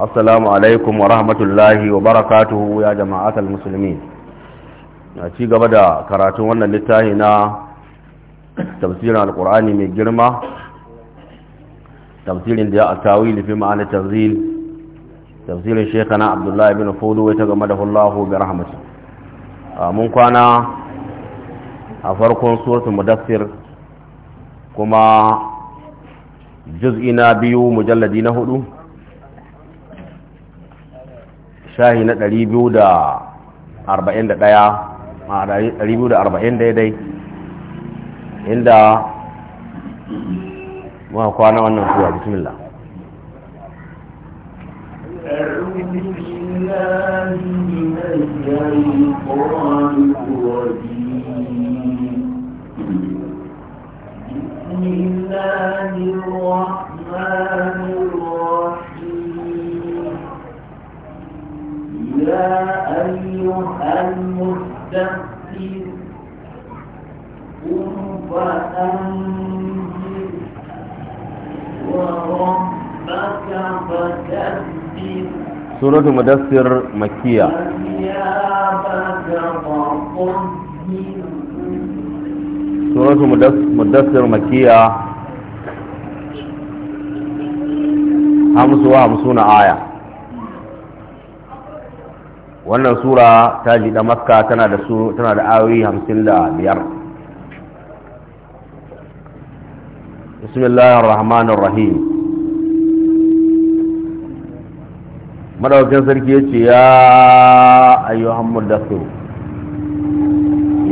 wa rahmatullahi wa barakatuhu ya يا جماعة na ci gaba da karatun wannan littafi na tafsirin alkur'ani mai girma tafsirin da ya atawi lifi ma'ana tanzil tafsirin shekana abdullahi bin fudu wai ta da hullahu bi rahmatu mun kwana a farkon suratul mudassir kuma juz'ina biyu mujalladi na hudu shahi na 241 a 240 daidai inda muka kwana wannan suwa bismillah بسم الله الرحمن الرحيم يا أيها المدثر قم فأنذر وربك فكبر سورة المدثر مكية سورة المدثر مكية خمس 55 آية wannan sura ta ji da makka tana da su tana da ayoyi hamsin da biyar bismillahir rahmanir rahim madaukakin sarki yace ya ayyuhan mudaththir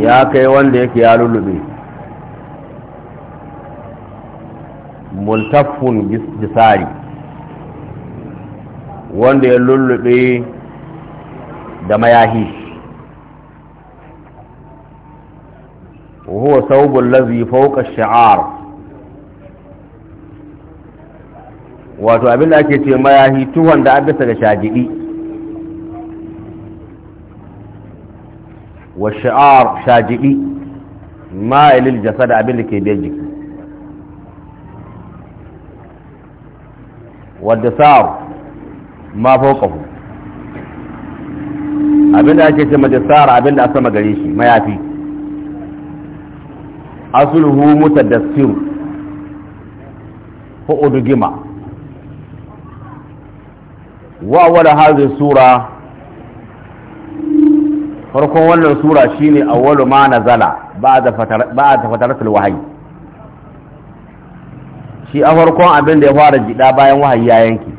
ya kai wanda yake ya lulube multaffun bisari wanda ya lullube da mayahi وهو ثوب الذي فوق الشعار wato abin da ake ce mayahi tuhon da abisa ga shajidi wa shi'ar shajidi ma'ilil jasa da abin da ke biyar jiki wadda sa'ar ma fauƙahu abinda ake ce majasara abinda a sama gare shi mayafi asulhu mutadassir ko udugima wa wala hadhi sura farkon wannan sura shine awwalu ma nazala ba'da fatar ba'da fataratul wahyi shi a farkon abin da ya fara jida bayan wahayi ya yanki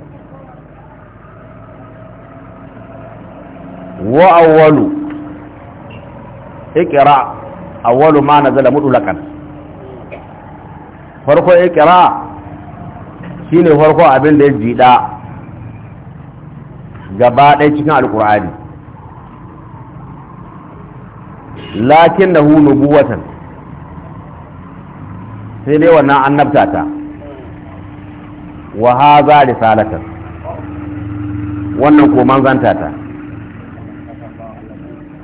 wa awwalu ikra awwalu ma nazala mudlakan farko ikra shine farko abin da ya jida gaba ɗaya cikin alkur'ani lakin da hunu buwatan sai dai wannan annabta ta wa haza risalatan wannan ko manzanta ta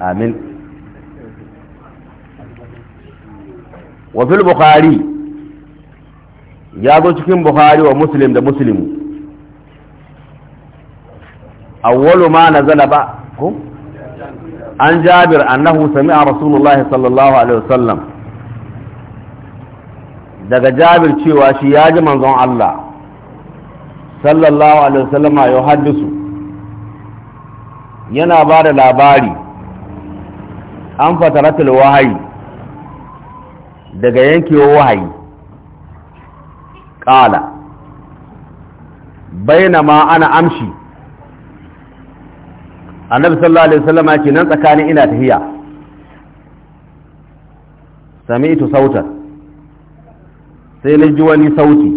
amin wa fil ya zo cikin bukhari wa muslim da muslimu awwalu ma nazala ba ko an jabir annahu sami'a rasulullahi sallallahu alaihi wasallam daga jabir cewa shi ya ji manzon Allah sallallahu alaihi wasallama ya haddisu yana ba da labari an fataratul wahayi daga yankewa wahayi ƙala ma ana amshi annabi sallallahu alaihi wasallam yake nan tsakani ina tahiya sami'tu sautan sai na ji wani sauti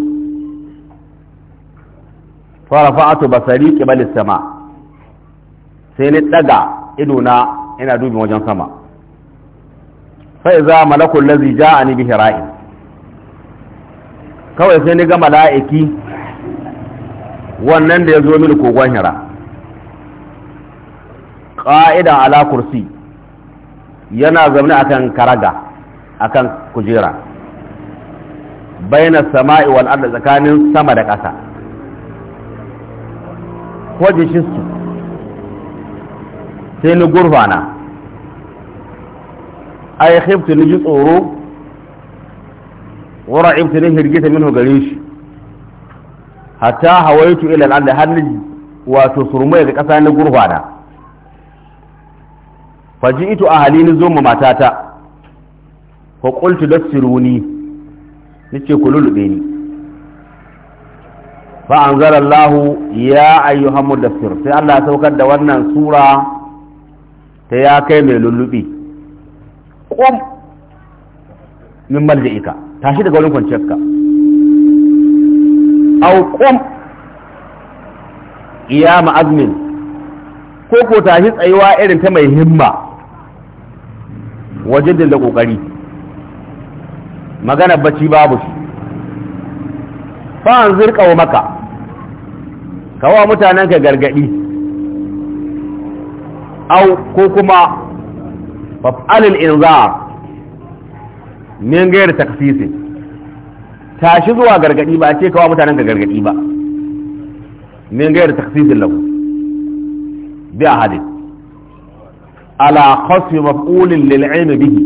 farafa'atu basari qibal sama sai na daga idona ina dubin wajen sama sai za malakul lazi ja'ani bihi ra'in kawai sai ni ga mala'iki wannan da ya zo mini kogon hira ƙa'idan alakursi yana zaune akan karaga akan kujera baina sama'i wal ardi tsakanin sama da ƙasa ko jishisu sai ni gurfana ay xibti ni ji tsoro wara ibti ni hirgita min gare shi hatta hawaitu ila al-ard har ni wato surmai ga kasa na da faji'tu ahli ni zo ma matata fa qultu dassiruni nace ku lulube ni fa anzalallahu ya ayyuhal mudassir sai Allah ya saukar da wannan sura ta ya kai mai lullubi kom min malja'ika tashi daga wurin kwanciyarka aw qum qiyama azmin ko ko tashi tsayuwa irin ta mai himma wajen da kokari magana bacci babu shi fa'an zirka wa maka kawo mutanen ka gargadi au ko kuma faf'alil inzar min gairi taksisi tashi zuwa gargadi ba a ce kawo mutanen ka gargadi ba min gairi taksisin lahu bi a hadin ala khasfi maf'ulin lil ilmi bihi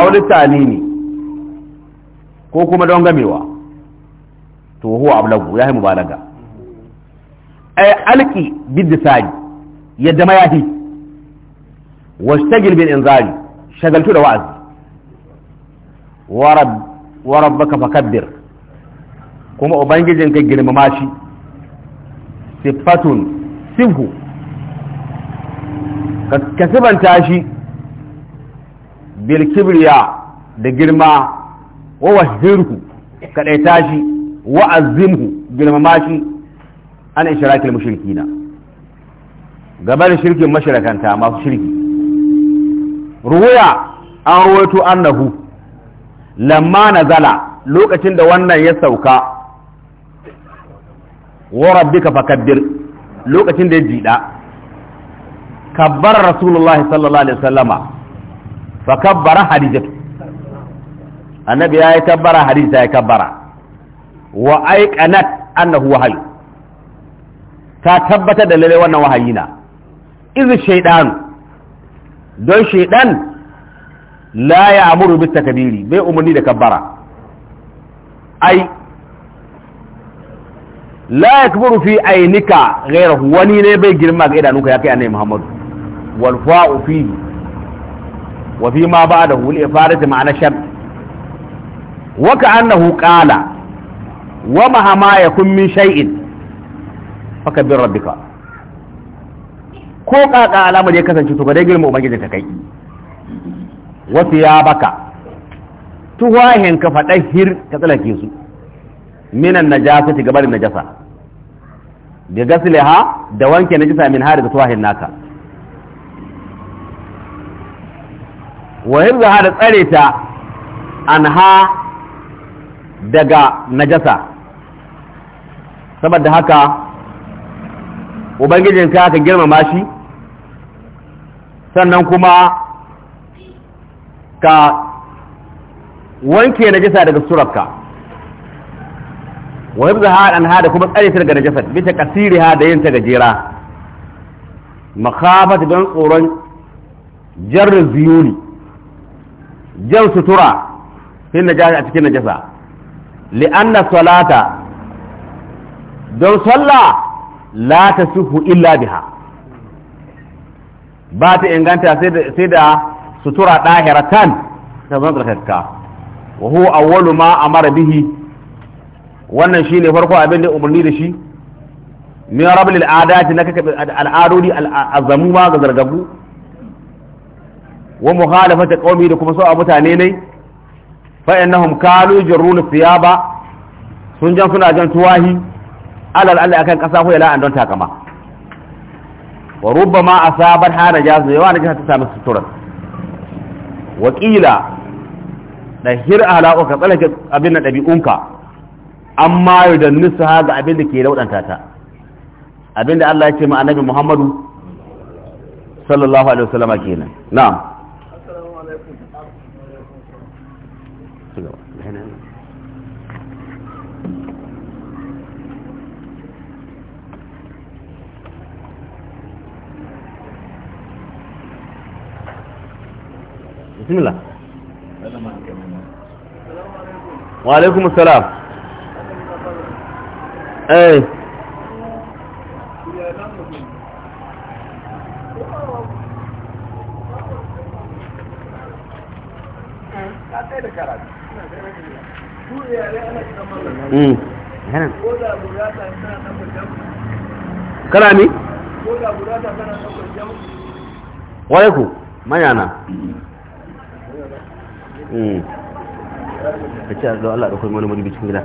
aw litanini ko kuma don gamewa to huwa ablagu yahi mubalaga ay alqi bidisaji yadda ma yahi washtagil bil inzari shagaltu da wa'azi wa rabbaka fakabbir kuma ubangijin ka girmama shi sifatun sibhu ka tashi, shi bil kibriya da girma wa wahirhu ka daita shi wa girmama shi ana isharakil mushrikina gabar shirkin mashirakanta masu shirki ruwaya an rawaito annahu lamma nazala lokacin da wannan ya sauka wa rabbika fakabbir lokacin da ya jida kabbara rasulullahi sallallahu alaihi wasallama fakabbara hadijatu annabi ya yi kabbara hadija ya kabbara wa aiqanat annahu wahayi ta tabbata da lalle wannan wahayi na iz don shaidan la ya amuru bi takabiri bai umarni da kabbara ai la yakburu fi ainika ghayrahu wani ne bai girma ga idanunka ya kai annabi Muhammadu wal fa'u fi wa fi ma ba'dahu li ifarati ma'ana shar wa Annahu qala wa mahama yakun min shay'in fakabbir rabbika ko kaka alamar ya kasance to ka dai girma ubangiji ka kai wasu ya baka tuwahin ka faɗa hir ka tsalake su minan najasa ta gabarin najasa da ha, da wanke najasa min har da tuwahin naka wa ha da tsare ta an ha daga najasa saboda haka ubangijinka ka girmama shi sannan kuma ka wanke na najasa daga surarka wa hibza ha an hada kuma tsare ta daga najasa bisa kasiri ha da yin ta gajera makhafat don tsoron jarri ziyuni jan sutura fin najasa a cikin najasa li'anna salata don sallah la tasihu illa biha ba ta inganta sai da sutura ɗahiratan ta zan tsarkaka wa a awwalu ma amara bihi wannan shine farko abin da umarni da shi min rabbil al'adati na kaka al'adodi al'azamu ma ga zargabu wa mukhalafati qaumi da kuma so a mutane ne fa innahum kalu jarruna thiyaba sun jan suna jan tuwahi alal Allah akan kasa ko ila an don takama wa rubbama asabar hana jazu yawa jihar ta samu suturar wakila da hir alaƙo ka tsalake abin da ɗabi'unka amma yau da nisa ga abin da ke raudanta ta abin da Allah ya ce ma annabi Muhammadu sallallahu alaihi wasallama kenan na'am bismillah wa alaikum assalam eh kana ko da burata a ce da Allah da kuma wani mulki cikin gida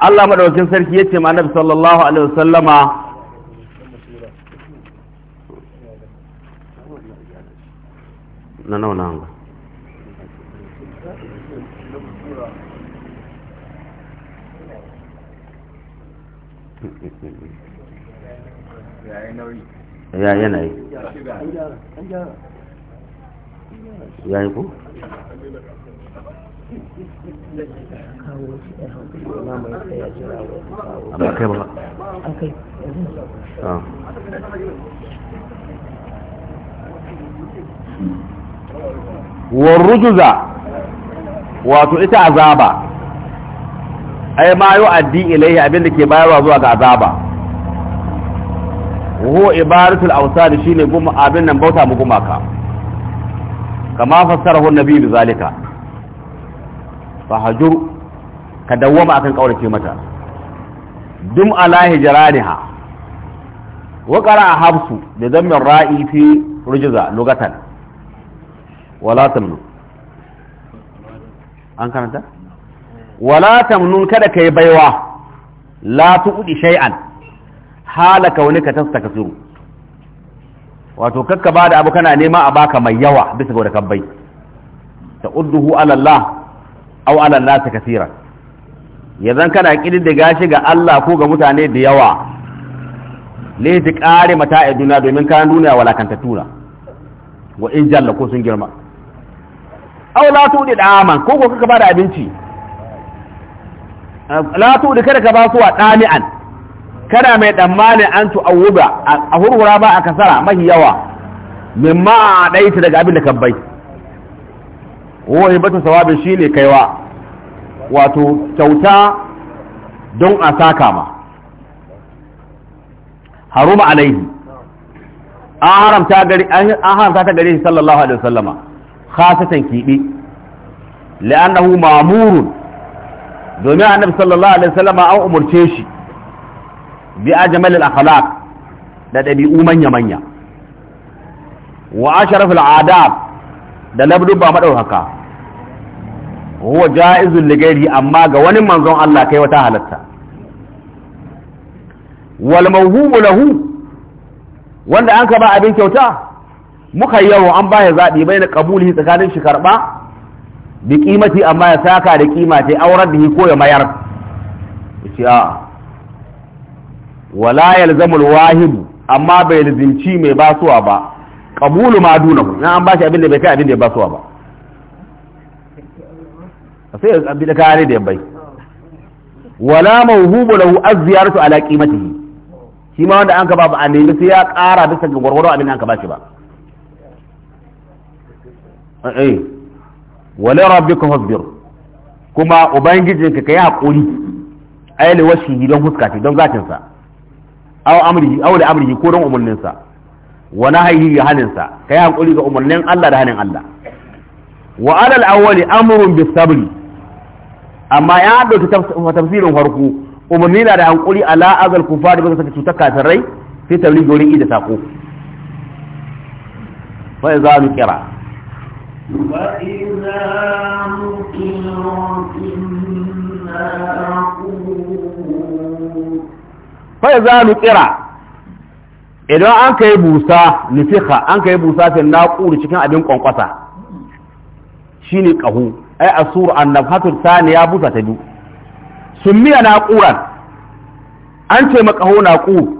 Allah madaukakin sarki ya ce ma Annabi sallallahu alaihi wasallama na nawa nanga ya yanayi ya yi ku? amma kai ba ah. rujuza wato ita azaba ai ma yu addi ilaihi abinda ke bayarwa zuwa ga azaba wuhu ibaratul awsad shine guma abin nan bauta mu gumaka kama fassarahu nabi bi zalika fa hajur ka dawwama akan kaurace mata dum ala hijraniha wa qara habsu bi dhammi ra'i fi rujza lugatan wala tamnun an karanta wala tamnun kada kai baiwa la tuudi shay'an hala kaunika tastakasiru wato kakka bada abu kana nema a baka mai yawa bisa ga kabbai ta'udduhu ala Allah aw ala kasira. Ya zan kana kididdiga gashi ga Allah ko ga mutane da yawa kare mata ya duniya domin kayan duniya wala walakantatuna wa in jalla ko sun girma Au la tudi da'aman ko ko kaka bada abinci la tudi kada ka ba su wa dami'an kada mai dammani an tu'awuba a hurhura ba a kasara mahi yawa mimma a ta daga abin da kabbai bai wa hibatu sawabi ne kaiwa wato kyauta don a saka ma haruma alaihi an haramta ta gari shi sallallahu alaihi wasallama khasatan kibe la'annahu ma'murun domin annabi sallallahu alaihi wasallam an umurce shi bi ajmal al akhlaq da dabi'u manya manya wa asharaf al adab da labdubba madaukaka huwa ja'izul lighairi amma ga wani manzon Allah kai wata halatta wal mawhumu lahu wanda an ka ba abin kyauta muka yawo an baya zaɓi bai na ƙabuli tsakanin shi karɓa bi ƙimati amma ya saka da ƙima ta aurar da ko ya mayar shi a wala yalzamul wahid amma bai lazimci mai basuwa ba ƙabulu ma ku na an bashi abin da bai kai abin da ya basuwa ba sai ya abin da kare da ya bai wala mawhubu lahu az-ziyaratu ala qimatihi shi ma wanda an ka ba ba a nemi sai ya ƙara bisa ga gwargwaro abin da an ka ba shi ba eh rabbi ka fasbir kuma ubangijin ubangijinka kai hakuri ayyali washi don huska don zatin sa aw amri aw da amri ko don umurnin sa wa nahyi ga hanin sa kai hakuri ga umurnin Allah da hanin Allah wa alal awwali amrun bis sabri amma ya dauki tafsirin farko umarni na da hankuri ala azal kufari ba saka cutar kafirai sai tabligi wurin ida sako fa idza kira. fai za mu tsira idan an ka yi busa nufiha an ka yi busa fi naƙuri cikin abin ƙwanƙwasa shi ne ƙahu ai a suru an ta sani ya busa ta biyu sun miya naƙuran an ce ma ƙahu naƙu.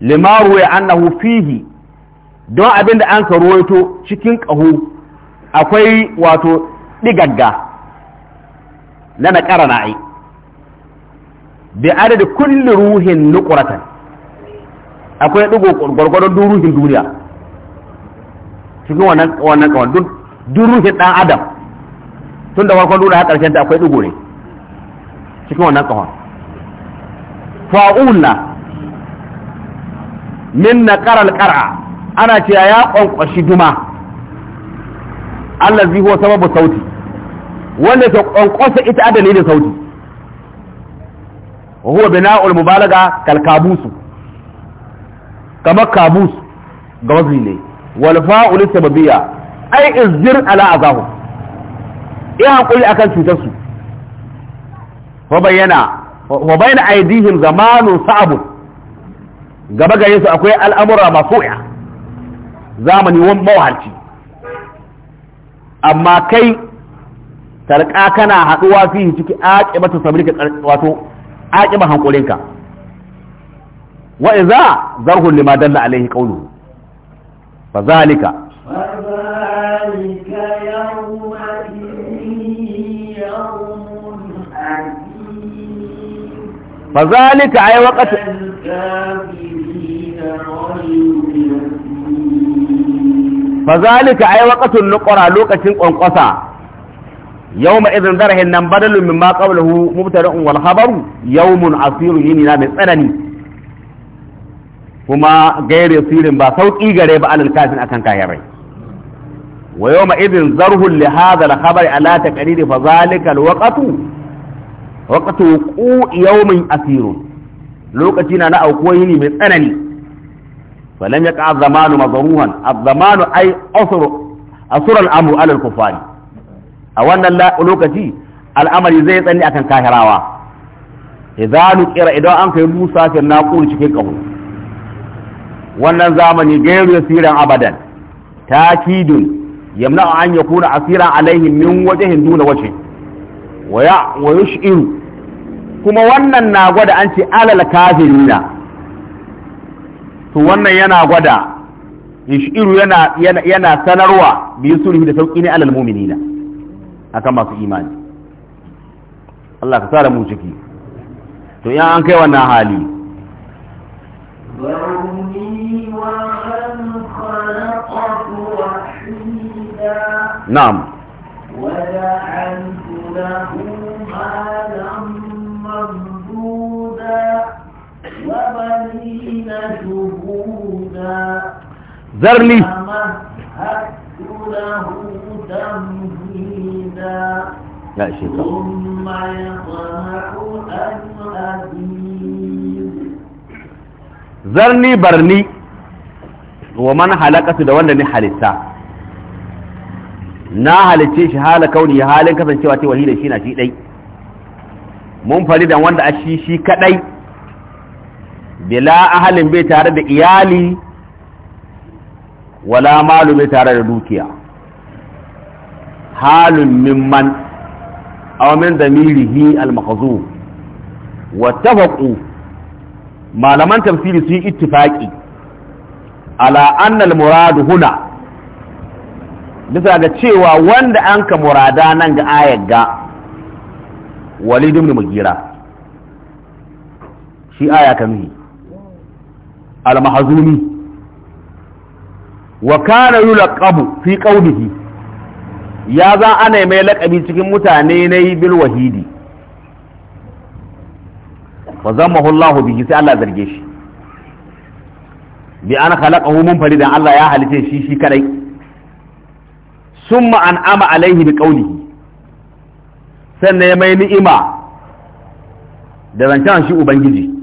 limaru ya annahu fihi don abin da an ka ruwaito cikin ƙahu. akwai wato digagga na na ƙara ai bi adadi kulli ruhin nuqratan akwai digo gurgurdon ruhin duniya cikin wannan wannan kawai duk ruhin dan adam tun da farkon duniya karshen ta akwai digo ne cikin wannan kawai fa'ulna min naqara al ƙara ana cewa ya kwankwashi duma allazi huwa sababu sauti wanda ta kwankwasa ita a dalilin sauti wa huwa bina'ul mubalaga kal kabusu kamar kabus ga wazni ne Walfa fa'ul sababiyya ai izjir ala azahu ya hakuri akan cutar su wa bayyana wa aidihim zamanu sa'abun gaba ga su akwai al'amura masu zamani wani mawahalci amma kai tarka kana haɗuwa fi ciki aqibatu sabrika wato aqiba hankulinka wa idza zarhu lima dalla alaihi Ba fa zalika fa zalika ay waqtu fazalika ai waqatul nuqra lokacin kwankwasa yawma idan zarahin nan badalun mimma qablahu mubtada'un wal khabaru yawmun asirun yini na mai tsanani kuma gaire sirin ba sauki gare ba alal kafin akan kahirai wa yawma idan zarhun li hadha al khabar ala taqriri fazalika al waqatu waqatu yawmin asirun lokaci na na aukuwa yini mai tsanani falam ya ka zamanu mazaruhan zamanu ai asur al'amru alal kufari a wannan lokaci al'amari zai tsani akan kahirawa idan kira idan an kai musa fil naqul cikin kahu wannan zamani gairu yasiran abadan takidun yamna an yakuna asiran alaihim min wajhin duna wajhin wa ya wa kuma wannan na gwada an ce alal kafirina to wannan yana gwada yashiru yana yana sanarwa bi sulhi da sauki ne alal mu'minina akan masu imani Allah ka sa mu ciki to in an kai wannan hali na'am وجعلت له مالا ممدودا وبنين شهودا ذرني ومهدت له تمهيدا لا شيء ثم يطمع برني ومن حلقت na halicce shi hala kauni halin kasancewa ce wahila shi na shi ɗai mun fari da wanda a shi shi kaɗai bila ahalin bai tare da iyali wala malu bai tare da dukiya halun mimman min damirihi al-makhzum wa malaman tafsiri su yi ittifaqi ala anna muradu huna bisa ga cewa wanda an ka murada nan ga ayar ga walid ibn mugira shi aya ta nuhi al-mahzumi wa kana yulqabu fi ya za ana laƙabi cikin mutane na yi bil wahidi fa Allah bihi sai Allah zarge shi bi an khalaqahu mun faridan Allah ya halice shi shi kadai summa an ama alaihi bi qawlihi sannan ya mai ni'ima da zancen shi ubangiji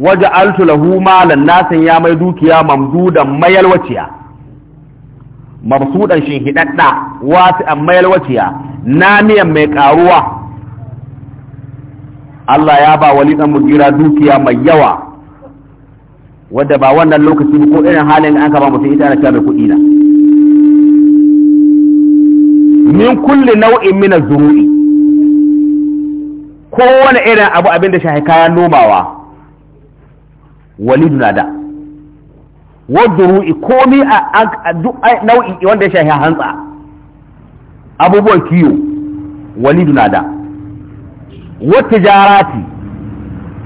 waje altu lahu malan nasin ya mai dukiya mamdudan mayalwaciya mabsudan shin hidadda wasi an mayalwaciya namiyan mai karuwa Allah ya ba wali dan mugira dukiya mai yawa wadda ba wannan lokaci ko irin halin an ka ba mutum ita na cewa mai kuɗi na min kulli nau'in min az-zuru'i kowane irin abu abinda da shahi nomawa walidu na da wadduru'i komi a duk nau'i wanda ya shahi hantsa abubuwan kiyo walidu na da wata jarati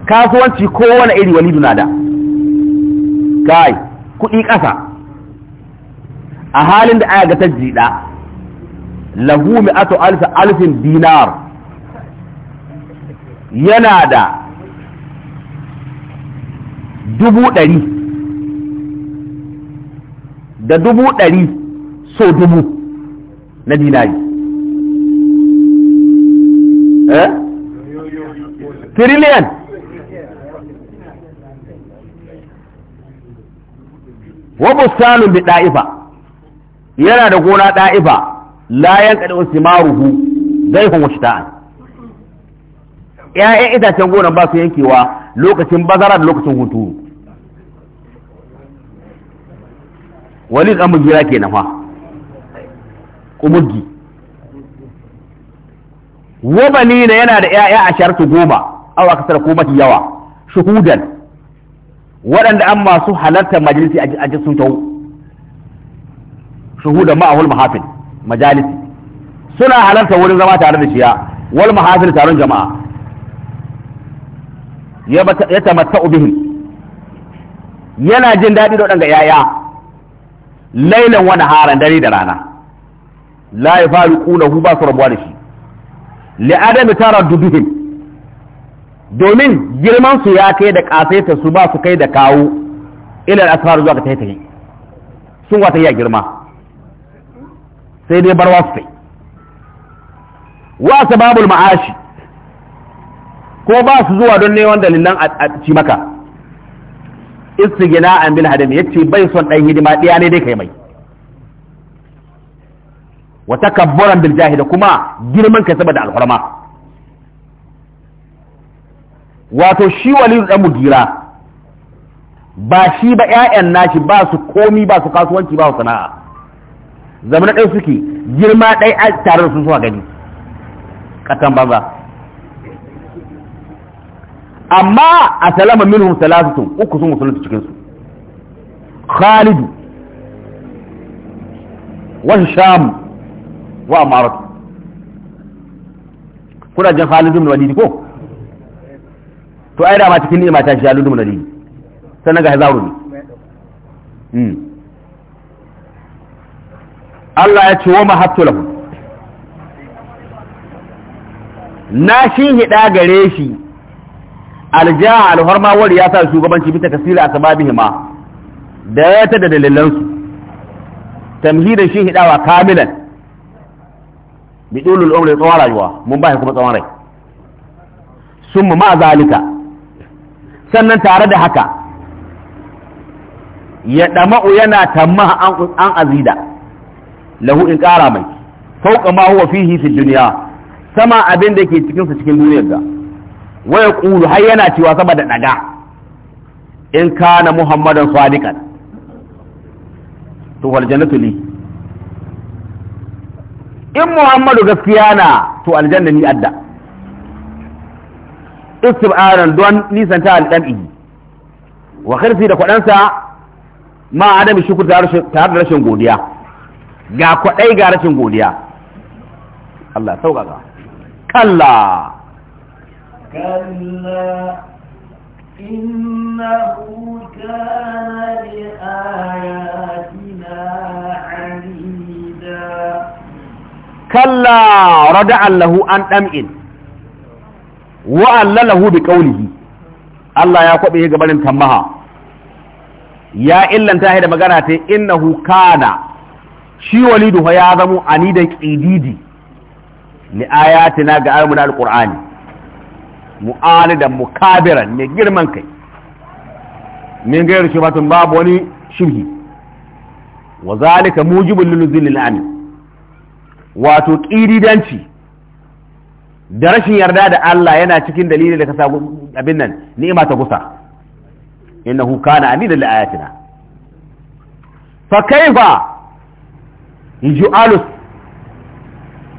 kasuwanci ko wani iri walidu na da kai kuɗi ƙasa a halin da aya ga ta jiɗa lahu mi'atu alfin dinar yana da dubu ɗari da dubu ɗari so dubu na dinari eh trillion wa bi ɗa'ifa yana da gona ɗa'ifa layan ma simaruhu zai kuma wasu ‘ya'yan itacen gona ba su yankewa lokacin bazara da lokacin hunturu wani kamun jira ke nafa kumurgi wabani na yana da 'ya'ya a shartu goma awa kasar ko mafi yawa shuhudan waɗanda an masu halarta majalisi a sun tau shuhudan ma'ahul mahafin majalisi suna halarta wurin zama tare da shiya wal mahafin taron jama'a ya tamatta'u bihi yana jin daɗi da ga yaya lailan wani haran dare da rana la ya faru ƙunahu ba su rabuwa da shi li'adami tara dubihin domin girman su ya kai da ƙasaita su ba su kai da kawo ilar asfar zuwa ga taitayi sun wata ya girma sai dai barwa su kai wa sababul ma'ashi ko ba su zuwa don neman dalilan a ci maka istigina an bil hadami yace bai son ɗan hidima ɗaya ne dai kai mai wa takabburan bil jahil kuma girman ka saboda alhurma wato shi wali da mudira ba shi ba ƴaƴan nashi ba su komi ba su kasuwanci ba su sana'a zamanin ɗaya suke girma ɗaya tare da su suka gani katan banza amma a salama minhum salasatun uku sun musulunta cikin su Khalid wa Sham wa Amarat kuna jin Khalid ibn Walid ko to ai da ma cikin ni'ima ta Khalid ibn Walid sannan naga Hazaru ne hmm. Allah ya ce wa mahattu lahu na shi hida gare shi aljaha alhorma wari ya sa shugabanci bisa kasila asbabihima da ya ta da dalilansu. tamhidan shi hidawa kamilan bidulul umri tsawon rayuwa mun ba kuma tsawon rai summa ma zalika sannan tare da haka ya dama'u yana tamma an azida lahu in kara mai fauka ma huwa fihi fi duniya sama abin da ke cikinsa cikin duniyar da. waya kulu har yana cewa sama da daga in kana muhammadan sadiqan to wal jannatu li in muhammadu gaskiya na to aljanna ni adda istibaran don nisanta al-dam'i wa khirfi da kwadansa ma adam shukur ta da rashin godiya ga kwadai ga rashin godiya Allah sauƙaƙa kalla كلا إنه كان لآياتنا عنيدا كلا ردع له أن أمئن وألله بقوله Allah ya kwaɓe gabanin tambaha ya illanta da magana ta innahu kana shi walidu fa ya zamo anidan qididi li ayatina ga ayyuna alqur'ani da mukabiran mai girman kai min gairu shibatun babu wani shirhi wa zalika mujibul lil wato ƙiridanci da rashin yarda da Allah yana cikin dalilin da ka sa abin nan ni'ima ta gusa innahu kana amidan li ayatina fa kaifa yuj'alu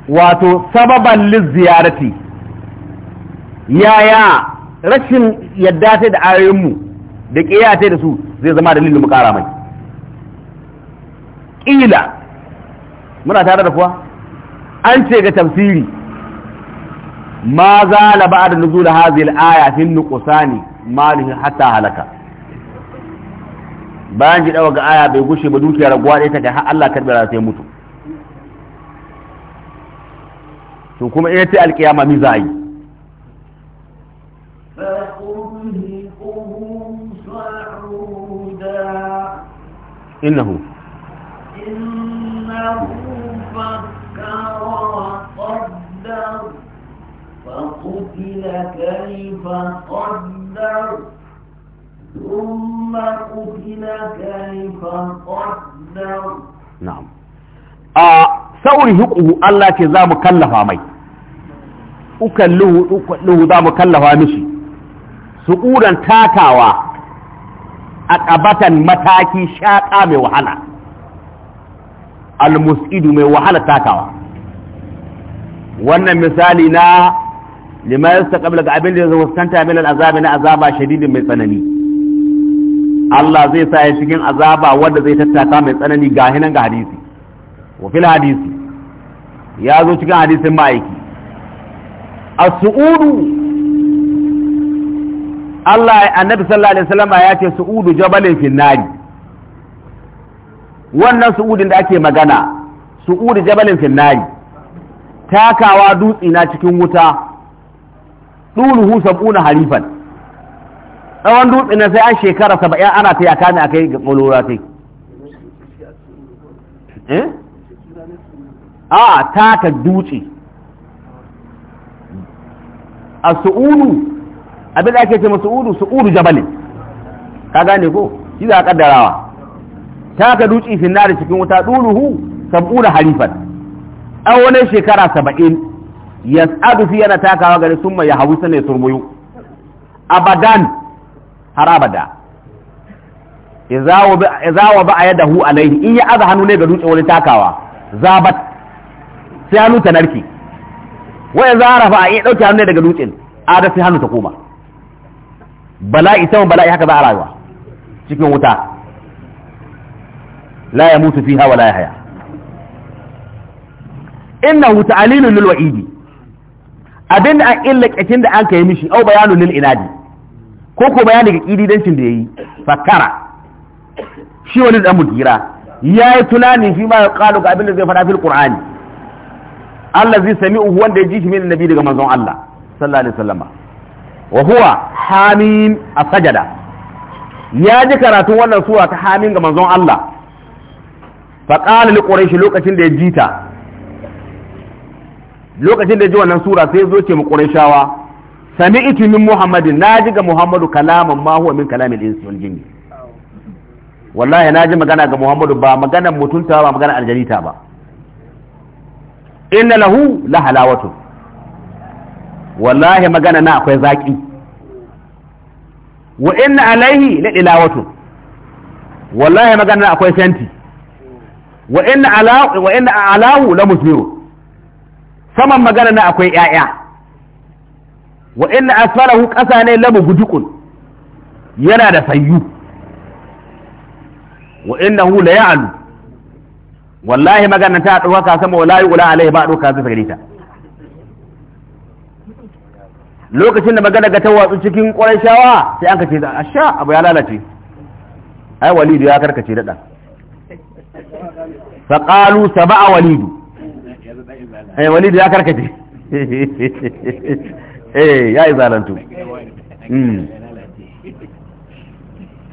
wato sababan ziyarati yaya rashin yadda sai da ayoyinmu da sai da su zai zama dalilin mu ƙara mai ƙila muna tare da kuwa an ce ga tafsiri ma za la ba da nuzula hazil aya fin nuqsani malihi hatta halaka bayan ji dawa ga aya bai gushe ba dukiya raguwa ɗaya ta kai har Allah karbira sai mutu to kuma ina ce alƙiyama mi za yi إنه إنه فكر وقدر فقتل كيف قدر ثم قتل كيف قدر نعم saurihiku Allah ce za mu kallafa mai ukalluhu za mu kallafa mishi su ƙuran takawa. A ƙabatan mataki shaƙa mai wahala almusidu mai wahala takawa wannan misali na lima yastaqbal ga abin da ya fuskanta min al'azabi na azaba shadidin mai tsanani Allah zai sa ya cikin azaba wanda zai tattaka mai tsanani ga hinan ga hadisi wa fil hadisi ya zo cikin hadisin ma'aiki as-su'udu Allah annabi sallallahu alaihi wasallam ya ce su'udu jabalin finnari wannan su'udin da ake magana su'udu jabalin finnari takawa dutsi na cikin wuta duluhu sab'una harifan tsawon dutsi na sai an shekara saba'in ana ta yaka ne akai ga kolora sai eh a taka dutse a su'udu abin da ake ce masu udu su udu jabali ka gane ko shi za a kaddarawa ta ka duci finna da cikin wuta duluhu sab'una halifan. an wani shekara saba'in ya tsadu fi yana takawa gari sun mai hawi sana ya surmuyu abadan har abada Ya wa ba a alaihi in ya aza hannu ne ga dutse wani takawa zabat sai hannu ta narki wa zarafa a iya ɗauke hannu ne daga dutsen da sai hannu ta koma bala'i sama bala'i haka za a rayuwa cikin wuta la ya mutu fiha wa la ya haya wuta ta'lilun lil wa'idi abin da an illa kakin da an kai mishi au bayanu lil inadi ko ko bayani ga kididancin da yayi fakara shi wani dan mutira yayi tunani shi ma ya kalu ga abin da zai fada fil qur'ani allazi sami'u wanda ya ji shi min annabi daga manzon Allah sallallahu alaihi wasallam wa huwa hamim a sajada ya ji karatun wannan sura ta hamim ga manzon Allah fa qala li quraish lokacin da ya ji ta lokacin da ya ji wannan sura sai zo ce mu qurayshawa sami'tu min muhammadin ji ga muhammadu kalaman ma huwa min kalamil insi wal jinni wallahi ji magana ga muhammadu ba magana mutunta ba magana aljanita ba inna lahu la halawatu wallahi magana na akwai zaki wa inna alaihi la ilawatu wallahi magana na akwai senti wa inna ala wa inna alahu la musmiru saman magana na akwai yaya wa inna asfalahu qasa ne la mugudukun yana da sayyu wa innahu la ya'lu wallahi magana ta dauka sama wallahi ula alaihi ba dauka zai gare ta lokacin da magana ga tawatsu watsu cikin ƙwarai sai an ce a sha abu ya lalace ai walidu ya karkace ɗan faƙalu saba a walidu ai eh, walidu ya karkace eh ya yi zalantu hmm.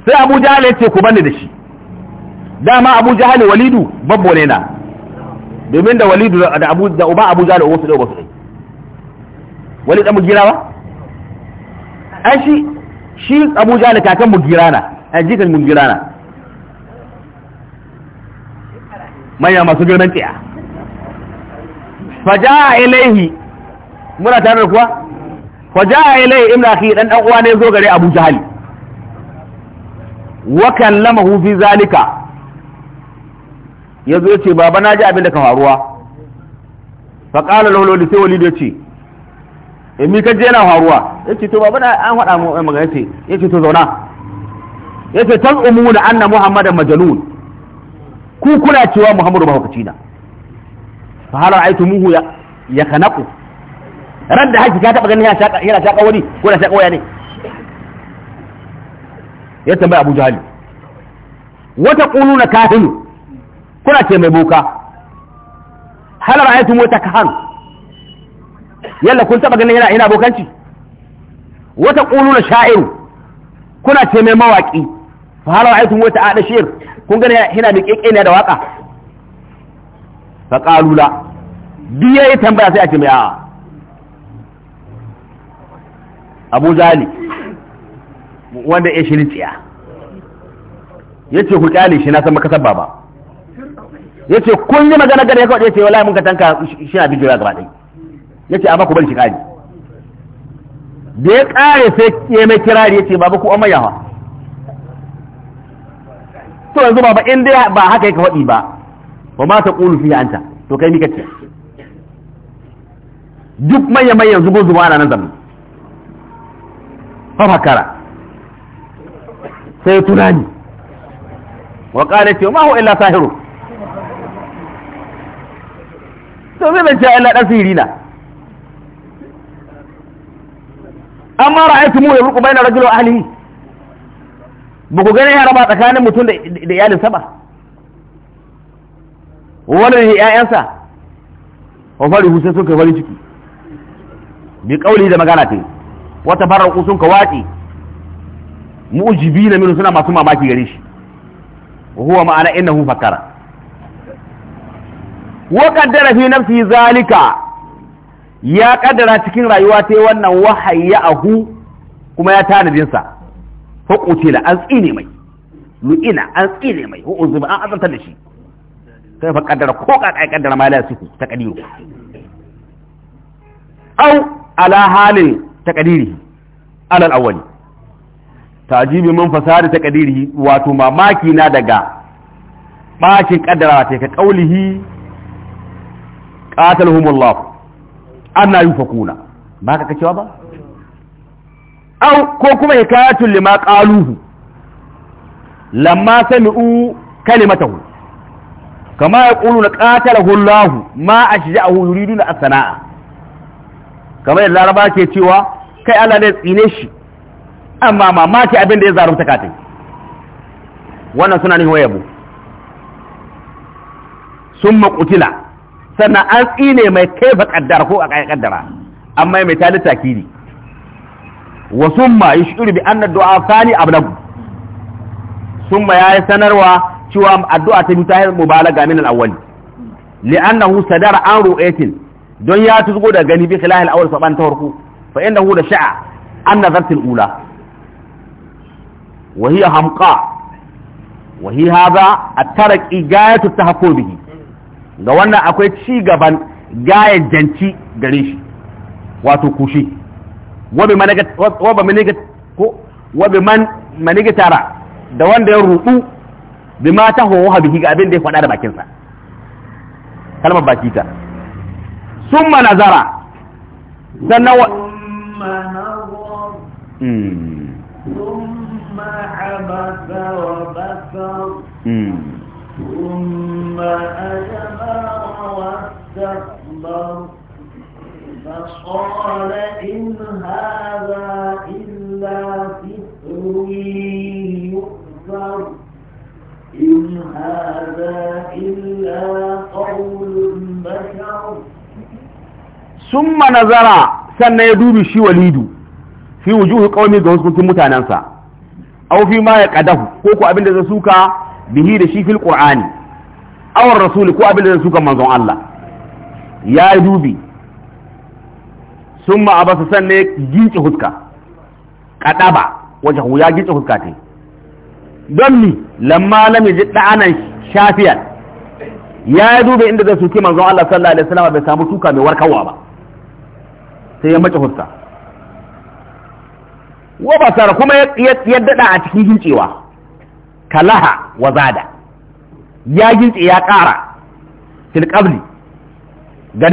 sai abu jahal ya ce ku bani da shi dama abu jahal walidu babbo ne na domin da walidu da abu da uba abu jahal uwa su ɗau ba su ɗau mu abu girawa an shi shi abuja da kakan mugirana an jikan mugirana manya masu girman tsaya faja ilaihi muna tare kuwa faja ilaihi in na dan dan uwa ne zo gare abu jahal wa kallamahu fi zalika yazo ce baba na ji abin da ka faruwa fa qala lahu lawli sai walid yace in eh, mi je yana faruwa ce to baba an faɗa mu eh, magana ya ce to zauna ya ce yace tazumuna anna muhammadan majalun ku kuna cewa muhammadu ba hukaci na fa aitu muhu ya ya kanaku radda haji ka taba ganin yana shaka yana shaka wani ko yana shaka waya ne ya tambaya abu jahali wata quluna kafin kuna ce mai boka mu ta kahan. yalla kun taba ganin yana ina bokanci wata quluna sha'iru kuna ce mai mawaki fa hal ra'aytum wata ada shir kun gani yana da ne da waka fa qalula biye ya tambaya sai a ce mai a Abu zali wanda ya shirin tsiya ce ku kyale shi na san makasar baba ce kun yi magana gare ka yace wala mun ka tanka shi na bijiyar gaba ɗaya yace amma ku bari shi da ya kare sai ya mai kirari ce baba ku amma yawa to yanzu ba in dai ba haka yake waɗi ba ba ma ta qulu fi anta to kai ni ce duk manya manya zubo zuba ana nan fafa kara sai tunani wa ƙare ce ma huwa illa sahiru to zai bace illa dan sihiri na an mara ra'aytu mu ya rukun rajulin wa ahali ba ku gani ya raba tsakanin mutum da iyalinsa ba wani ne ƴaƴansa wa husai sun kai farin ciki bi kauli da magana ta wata farraku sun ka mu'ujibi na minu suna masu mamaki gare shi wa huwa ma'ana innahu fakara wa qaddara fi nafsihi zalika ya kaddara cikin rayuwa ta yi wannan wahayya ahu kuma ya tanadin sa fa qutila an tsine mai lu'ina an tsine mai hu uzuma an azanta da shi sai fa kaddara ko ka kai kaddara ma la suku ta kadiru au ala halin ta takadiri ala al Ta tajibi man fasari ta takadiri wato mamaki na daga bacin kaddara ta ka kaulihi qatalahumullah ana yufakuna ba ka kacewa ba au ko kuma hikayatun lima qaluhu lamma sami'u kalimatahu kama na qatalahu hulahu, ma ashja'ahu yuriduna as-sana'a kamar yadda Laraba ke cewa kai Allah ne tsine shi amma mamaki abin da ya ta katai wannan suna ne wayabo sun makutila sannan an tsine mai kaifa kaddara ko a kai kaddara amma mai tali takiri wa summa yashuru bi anna du'a fani ablagu summa yayi sanarwa cewa addu'a ta mutahi mubalaga min al-awwali li'annahu sadara an ru'atin don ya tuzgo da gani bi khilal al-awwal saban ta farko fa innahu da sha'a an al ula wa hiya hamqa wa hiya hadha at-tarqi gayatu tahakkumi ga wannan akwai ci gaban gayyanci gare shi wato kushi wabi man manigi tara da wanda ya rudu bi ma ta hawa bihi ga abin da ya faɗa da bakinsa kalmar baki ta summa nazara sannan wa ثم عبس وبسر ثم أدبر الأكبر فقال إن هذا إلا سحر يؤثر إن هذا إلا قول بشر ثم نظر sannan ya dubi shi walidu fi wujuhu qaumi ga wasu mutanansa aw fi ma ya qadahu ko ko abinda zai suka bihi da shi fil qur'ani aw rasul ko abinda zai suka manzon Allah ya yi dubi sun ma abasa sanne ya gince huska ba wajen ya gince huska ta don ni lamma lam ji ɗanan shafiyar ya yi dubi inda zai suke manzon Allah sallallahu alaihi wasallam bai samu tuka mai warkarwa ba sai ya mace huska wa basara kuma ya daɗa a cikin gincewa kalaha wa zada ya gince ya kara fil ga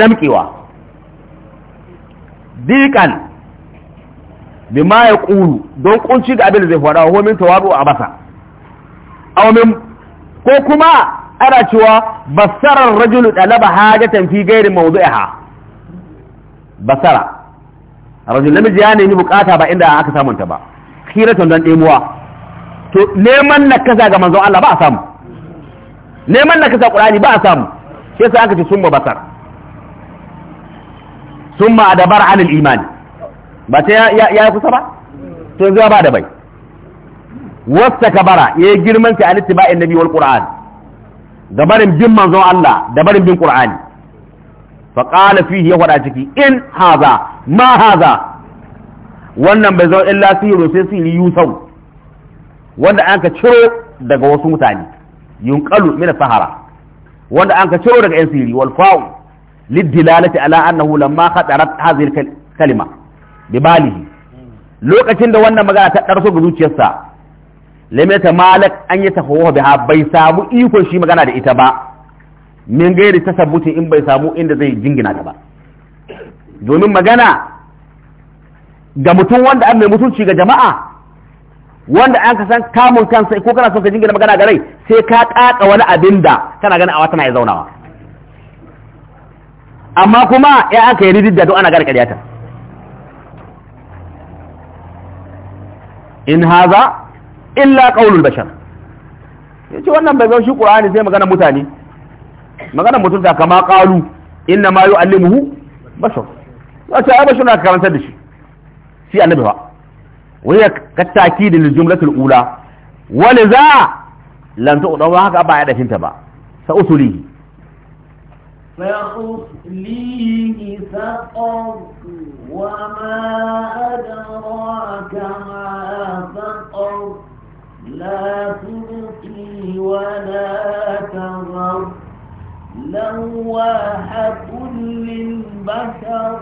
dikan bi ma ya ƙuru don ƙunci ga abin da zai faɗa wa min tawaru a basa aumin ko kuma ana cewa basarar rajulu ɗalaba hajatan fi gairi mawdu'iha basara rajul namiji ya nemi bukata ba inda aka samunta ba khiratun don ɗemuwa to neman nakasa ga manzon Allah ba a samu neman nakasa Qur'ani ba a samu sai sai aka ci summa basar sun ma adabar anil imani ba ta ya kusa ba to yanzu ya ba da bai wasta kabara ya yi girman ka an ittiba'in nabi wal qur'an da barin bin manzon Allah da barin bin qur'ani fa qala fihi ya wada ciki in haza ma haza wannan bai zo illa sihiru sai sihiri yusau wanda an ka ciro daga wasu mutane yunqalu min sahara wanda an ka ciro daga yan sihiri wal fa'u lidilalati ala annahu lamma khatarat hadhihi kalima bi balihi lokacin da wannan magana ta darso ga zuciyarsa lamata malak an yi tafawo biha bai samu ikon shi magana da ita ba min gairi tasabbutin in bai samu inda zai jingina ta ba domin magana ga mutum wanda an mai mutunci ga jama'a wanda an kasan kamun kansa ko kana son ka jingina magana ga rai sai ka kaka wani abin da kana ganin awa tana ya zaunawa amma kuma ya aka yi ridda duk ana garkarya ta in haza illa qaulul bashar yace wannan bai zo shi qur'ani sai magana mutane magana ta kama qalu inna ma yu'allimuhu bashar wace ai bashar na karanta da shi shi annabi ba wai ka takidin jumlatul ula walaza lan tu'dawa haka ba ya dafinta ba sa usulihi فيصليه سقر وما أدراك ما سقر لا تبقي ولا تغر لواحة للبشر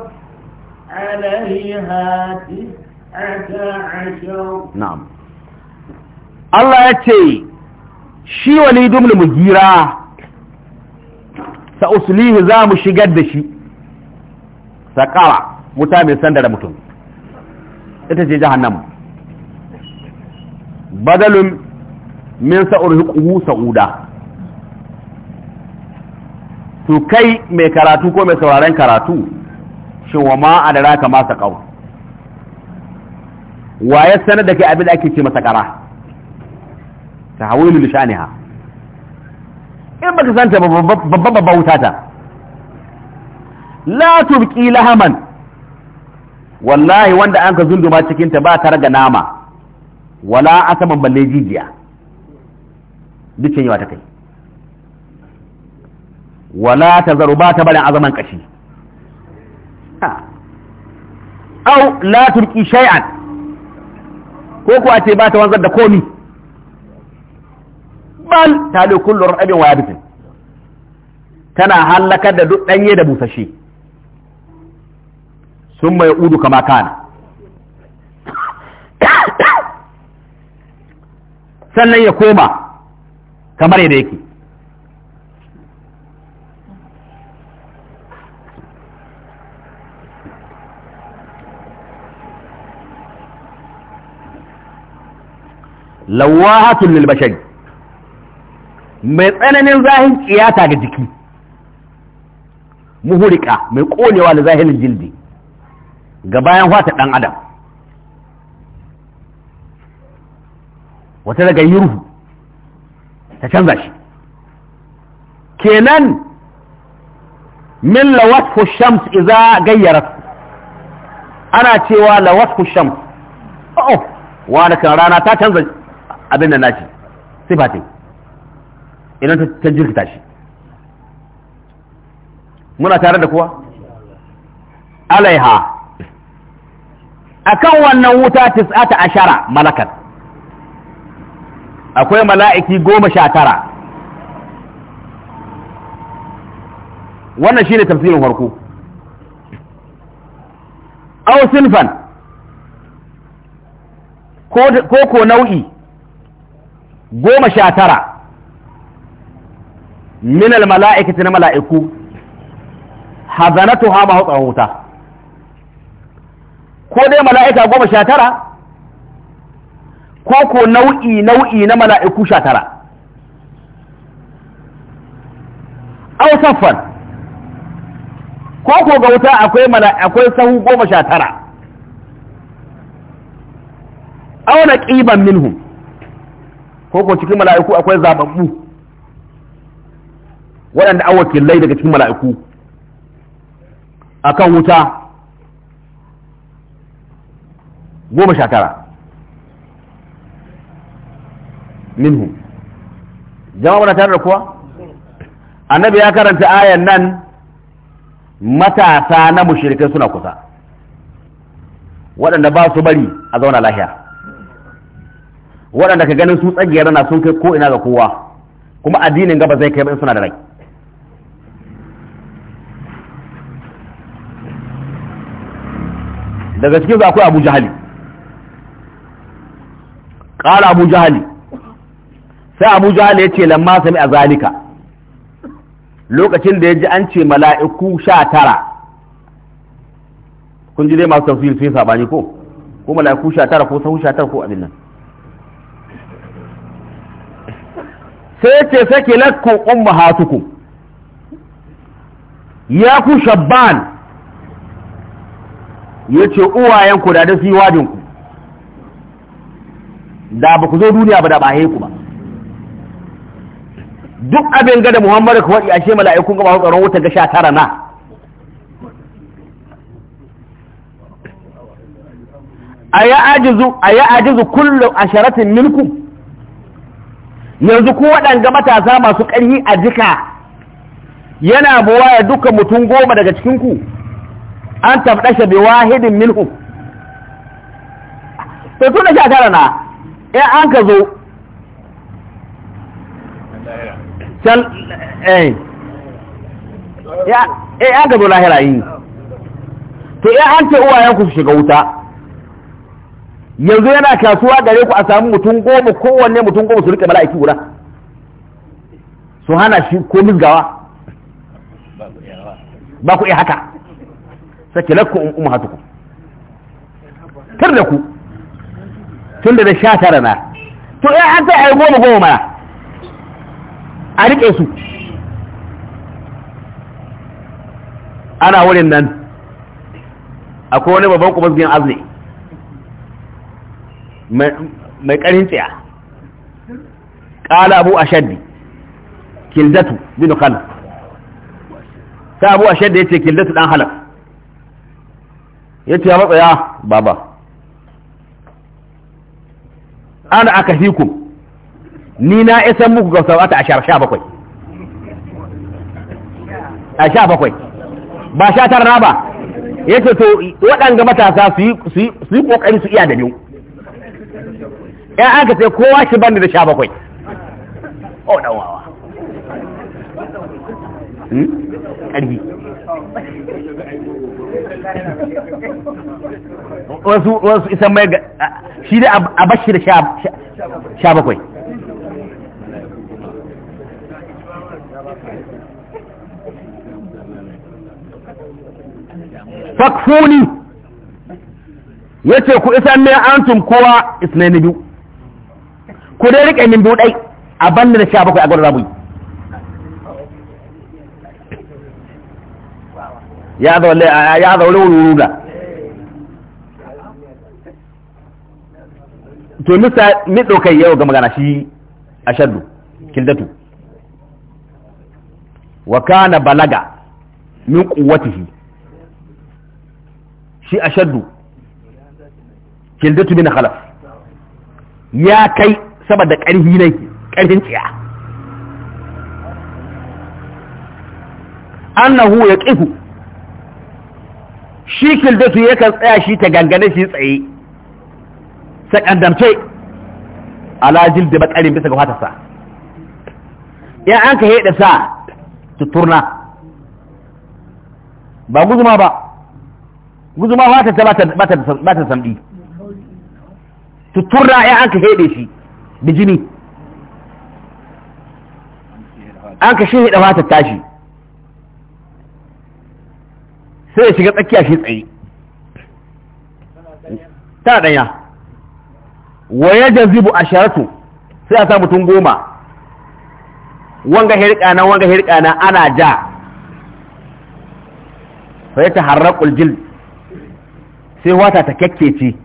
عليها تسعة عشر نعم الله يتي شي وليد بن المجيره sa uslihi za mu shigar da shi saƙara wuta mai sanda da mutum ita ce nan badalun min sa'ur sa'urhiquhu sa'uda to kai mai karatu ko mai sauraren karatu shi wa ma da ma masa wa ya sanar da kai abin da ake ce masa kara tahawilul shaniha in baka ta babba babba wuta ta la tubqi lahaman wallahi wanda an ka zunduma cikin ta ba ta raga nama wala asaman balle jijiya dukkan yawa ta kai wala ta zaru ba ta barin azaman kashi au la tubqi shay'an ko kuwa ce ba ta wanzar da komi bal ta da kullum rabin wa yabisin tana hallakar da duk danye da busashe sun mai udu kama kana sannan ya koma kamar yadda yake لواهة للبشر mai tsananin zahin kiyata ga jiki muhurika mai konewa da zahirin jildi ga bayan wata ɗan adam wata daga ruhu ta canza shi kenan min lawatfu shams idza gayyarat ana cewa lawatfu shams oh, oh wani kan rana ta canza abin da ce sifatai idan ta jirkita shi muna tare da kuwa alaiha kan wannan wuta tis'ata ashara malakan akwai mala'iki goma sha tara wannan shi ne tafsirin farko aw sinfan ko ko nau'i goma sha tara min almala'ikati na mala'iku hazanatu ha ma tsawon wuta ko dai mala'ika goma sha tara ko ko nau'i nau'i na mala'iku sha tara ausaffan ko ko ga wuta akwai akwai sahu goma sha tara auna ƙiban minhum ko ko cikin mala'iku akwai zababbu waɗanda an wakilai daga cikin mala'iku akan wuta goma sha minhu jama'a muna tare da kuwa annabi ya karanta ayan nan matasa na mushirikai suna kusa waɗanda ba su bari a zauna lahiya waɗanda ka ganin su tsagiyar na sun kai ko ina ga kowa kuma addinin gaba zai kai ba in suna da rai daga cikin su akwai abu jahali ƙara abu jahali sai abu jahali ya ce lamma sami a zalika lokacin da ya ji an ce mala'iku sha tara kun ji dai masu tafsir sun sabani ko ko mala'iku sha tara ko sahu sha tara ko abin nan sai ce sake lakkun umma hatukum ya ku shabban ya ce uwayen da da su yi da ba ku zo duniya ba da ba ku ba duk abin gada muhammadu ka waɗi ashe mala'ikun gaba tsaron wuta ga sha tara na a ya ajizu kullum asharatin milku yanzu ko waɗanga matasa masu ƙarfi a jika yana buwa ya dukkan mutum goma daga cikinku an tabdasha bi wahidin minhu to tun da sha tara na in an ka zo can eh ya eh, an ka zo lahira yi to in an ce uwayenku su shiga wuta yanzu yana kasuwa gare ku a samu mutum goma kowanne mutum goma su rike mala'iki guda su hana shi ko gawa, ba ku iya haka Sake in umma hatuku tar da ku tunda da sha tara na to eh an sai ai goma goma mana a rike su ana wurin nan akwai wani babban kuma zuwan azne mai karin tsaya kala abu shaddi kildatu bin khalaf ta abu ya ce kildatu dan halaf ya ce ya matsaya baba ana aka hikum ni na isan muku ga sabata a sha bakwai a sha bakwai ba sha tara ba ya ce to waɗanga matasa su yi ƙoƙari su iya da biyu ya aka sai kowa shi banda da sha bakwai o oh, wawa hmm? ƙarfi wasu wasu isan mai shi da a bashi da sha bakwai fakfuni ya ce ku isan mai antum kowa isnai na biyu ku dai riƙe min biyu ɗai a banda da sha bakwai a gwada rabu yi ya zaure ya wuri da to misa mi dokai yau ga magana shi ashaddu kildatu wa kana balaga min quwwatihi shi ashaddu kildatu min khalaf ya kai saboda karfi ne ƙarfin tsiya annahu yaqifu shi kildatu yakan tsaya shi ta gangane shi tsaye kandamce alajil da bakarin bisa ga fatarsa ya an ka da sa tuturna ba guzuma ba guzuma fatarsa ba ta samdi tuturna ya an ka da shi da jini an ka shi da fatar tashi sai ya shiga tsakiya shi tsaye ta ɗaya wa ya jazibu sharatu sai a sa mutum goma wanga hirka na wanga hirka na ana ja fa ta taharraqul jild sai wata ta kekkece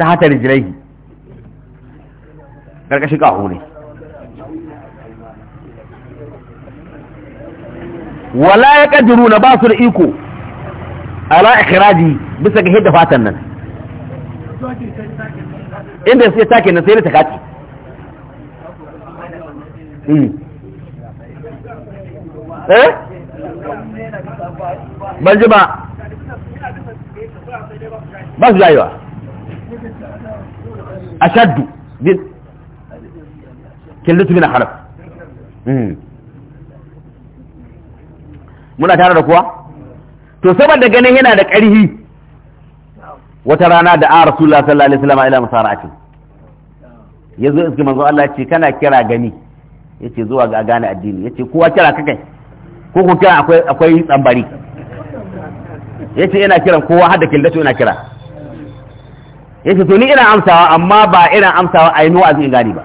ta hatar jirai ƙarƙashin ƙahu ne wala ya kadiru na ba su da iko ala ikhraji bisa ga hidda fatan nan inda sai take nan sai da takaci hmm. eh ban ji ba ba su jayewa ashaddu kin lutu min harafi hmm. muna tare da kuwa to saboda ganin yana da ƙarhi wata rana da a rasulullah sallallahu alaihi wasallam ila ya yazo iski manzo Allah ce kana kira gani yace zuwa ga gane addini yace kowa kira kakai ko ko kira akwai akwai tsambari yace ina kiran kowa har da kildato ina kira yace to ni ina amsawa amma ba ina amsawa ainihin wa'azi in gane ba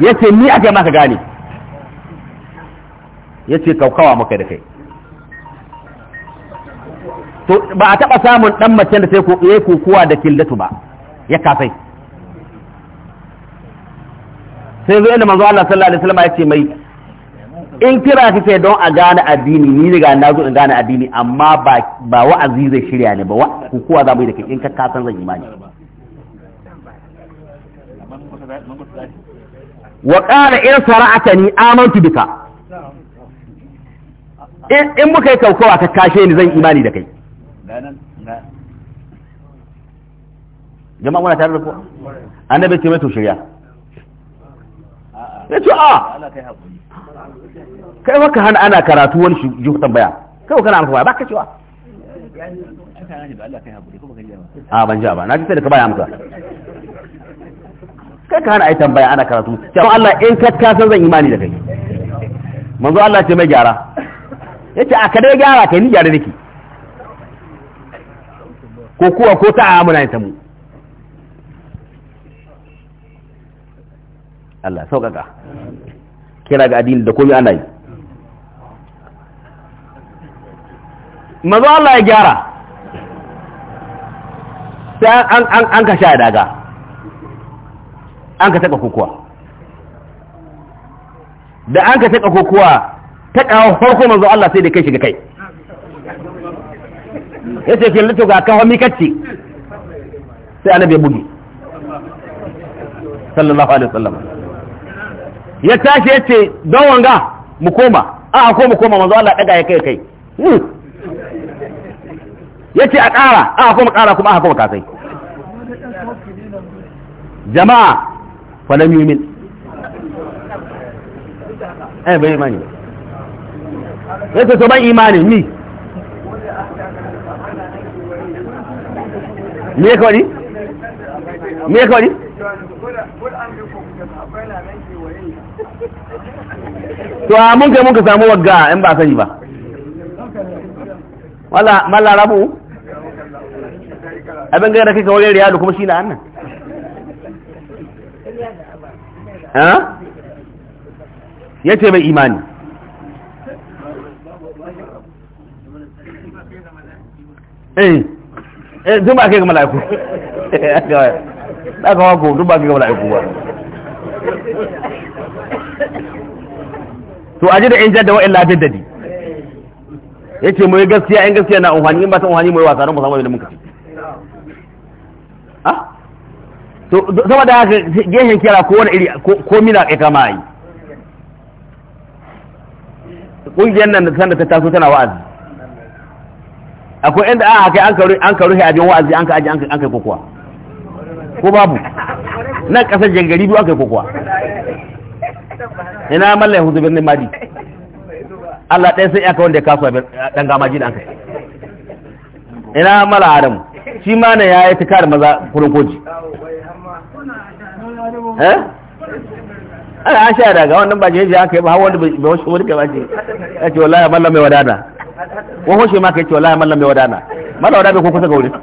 yace ni ake maka gane ya ce kaukawa maka da kai to ba a taɓa samun ɗan macen da sai ya kukuwa da killatu ba ya kafai sai zai da manzo Allah sallallahu alaihi wasallam ya ce mai in kira sai don a gane addini ni daga na zo in gane addini amma ba ba wa'azi zai shirya ne ba kukuwa za mu yi da kai in ka kasan zan imani wa qala in sara'atani amantu bika in muka yi kaukawa ka kashe ni zan imani da kai jama'a muna tare da ku annabi ce mai to shirya ya ce a ah. kai waka hana ana karatu wani shi ji tambaya kai waka na amfani ba ka cewa a ban ji ba na ji sai da ka baya amsa kai ka hana ai tambaya ana karatu cewa Allah in ka kasan zan imani da kai manzo Allah ce mai gyara yace a kada gyara ka ni gyara nake ko kuwa ko ta amuna ta mu Allah sauƙaƙa kira ga adini da komi ana yi mazo Allah ya gyara sai an ka sha daga an ka taɓa kokowa da an ka taɓa kokowa ta kawo farko manzo Allah sai da kai shiga kai yace ke lito ga kawo mi kacce sai annabi bugi sallallahu alaihi wasallam ya tashi yace don wanga mu koma a ko mu koma manzo Allah daga ya kai kai yace a ƙara a mu ƙara kuma a kuma kasai jama'a falam yumin eh bai mani yake to ban imanin ni me ya kawari me ya kawari to a mun kai mun ka samu wagga in ba sani ba wala malla rabu abin gaya da kai kawai riyadu kuma shi na annan ya ce mai imani eh eh duk ba kai ga mala'iku da ka wako duk ba kai ga mala'iku ba to aji da in jadda wa'in lafiyar dadi yace ce yi gaskiya in gaskiya na unhani in ba ta unhani mu wasa don musamman samu abin da muka ci To ah? to saboda haka gehen kira ko wani iri ko mina kai kama yi ƙungiyar nan da ta taso tana wa'azi akwai inda aka kai an karu an karu hajjin wa'azi an ka aji an kai kokowa ko babu na kasar jangari biyu an kai kokowa ina malla yahudu bin madi Allah ɗaya sai aka wanda ya kasuwa dan gamaji da an kai ina mala adamu shi ma ne yayi ta kare maza kurin koji eh ana sha daga wannan ba je aka yi ba har wanda ba wasu wani kai ba ce ya wallahi mallam mai wadada ko hoshe ma kai ce wallahi mallam bai wadana mallam wadana ko kusa ga wurin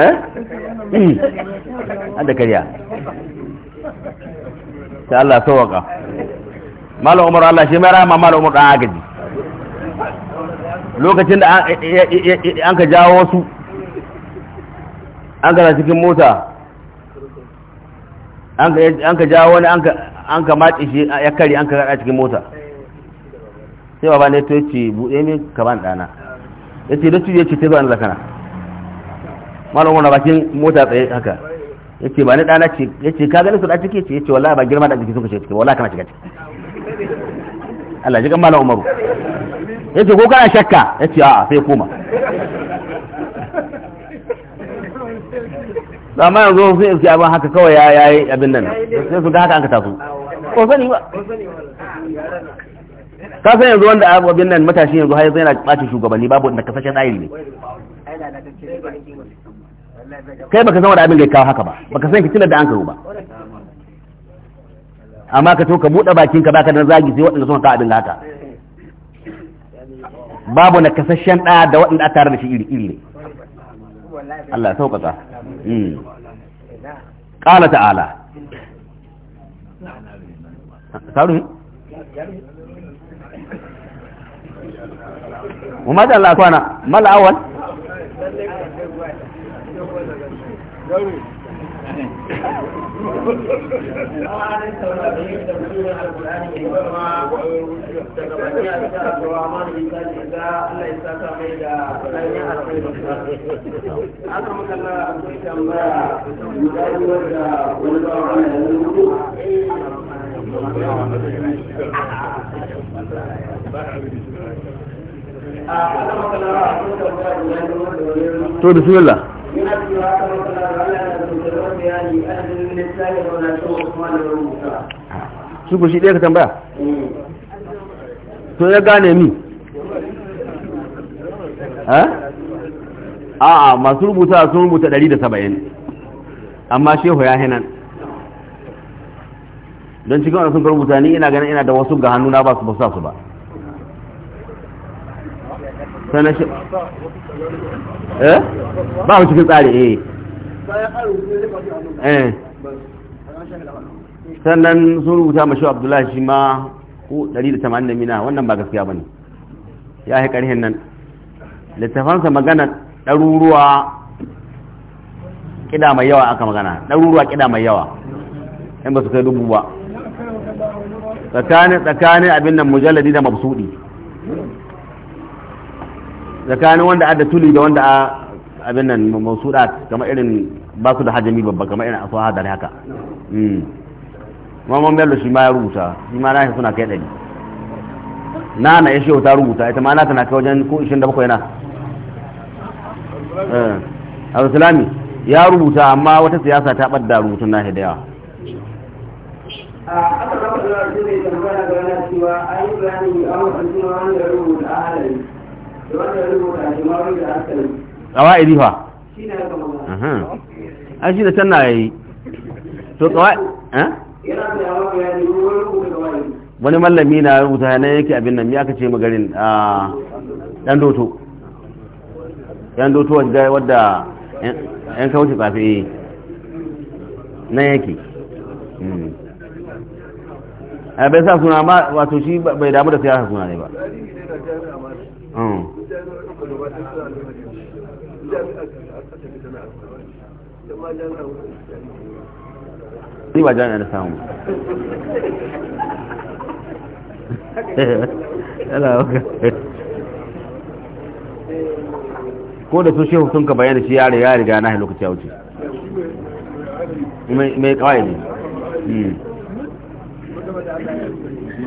eh an kariya sai Allah sawaka mallam umar Allah shi mai rahama mallam umar kan agaji lokacin da an eh, eh, eh, ka jawo wasu an kana cikin mota an ka jawo wani an ka matse shi ya kari an ka gada cikin mota sai baba ne to ya ce buɗe ne ka ban ɗana ya ce dattu ya ce ta zuwa na zakana malam wani bakin mota tsaye haka ya ce ba ni ɗana ce ya ce ka gani su ɗan ciki ce ya ce wala ba girma da jiki sun kashe ciki wala kana shiga ciki Allah ji kan malam umaru ya ce ko kana shakka ya ce a'a sai koma amma yanzu sun iske abin haka kawai ya yi abin nan sai su ga haka an ka taso ko sani ba ka san yanzu wanda abin nan matashi yanzu har yanzu yana bacin shugabanni babu da kasashen tsari ne kai baka san wani abin da kawo haka ba baka san fitilar da an karu ba amma ka to ka buɗe bakin ka baka da zagi sai waɗanda suka ka abin haka babu na kasashen ɗaya da waɗanda a tare da shi iri iri ne Allah ya sauƙaƙa hmm. ƙala ta'ala وماذا لا أكوانا ما الأول Thank you. to da bismillah su ku shi ɗaya ka tambaya to ya gane mi a masu rubuta sun rubuta 170 amma shehu ya hinan don cikin wani sun rubuta ni ina ganin ina da wasu ga hannu na ba su ba su ba sana eh ba mu cikin tsari eh, eh. sannan sun rubuta mashi abdullahi shi ma ko 180 mina wannan ba gaskiya ba ne ya yi karhin nan littafansa magana ɗaruruwa ƙida mai yawa aka magana ɗaruruwa ƙida mai yawa in ba su kai dubu ba tsakanin abin nan mujalladi da mabsudi tsakanin wanda adda tuli da wanda a abin nan mausudat kama irin ba su da hajjami babba kama irin asu hadar haka hmm. mamman bello shi ma ya rubuta shi ma nashi suna kai ɗari na na ya shehu ta rubuta ita ma nata na kai wajen ko 27 yana abusulami ya rubuta amma wata siyasa ta ɓadda rubutun nashi da yawa a aka kafa da wasu ne tambaya ga wani cewa a yi bayani a wani da rubuta a halari tsawa iri fa an shi da can na yayi to tsawa eh? wani mallami na rubuta yanayi yake abin nan ya aka ce magarin a ah, yan doto yan doto wadda yan kawo tsafi eh. na yake hmm. a ah, bai sa suna ma wato shi bai damu da siyasa suna ne ba ni ba jami'a na samu ko da su shehu sun ka bayyana shi yare ya riga na lokaci ya wuce mai kawai ne hmm.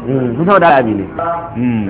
Hmm. sun sau da abi ne hmm.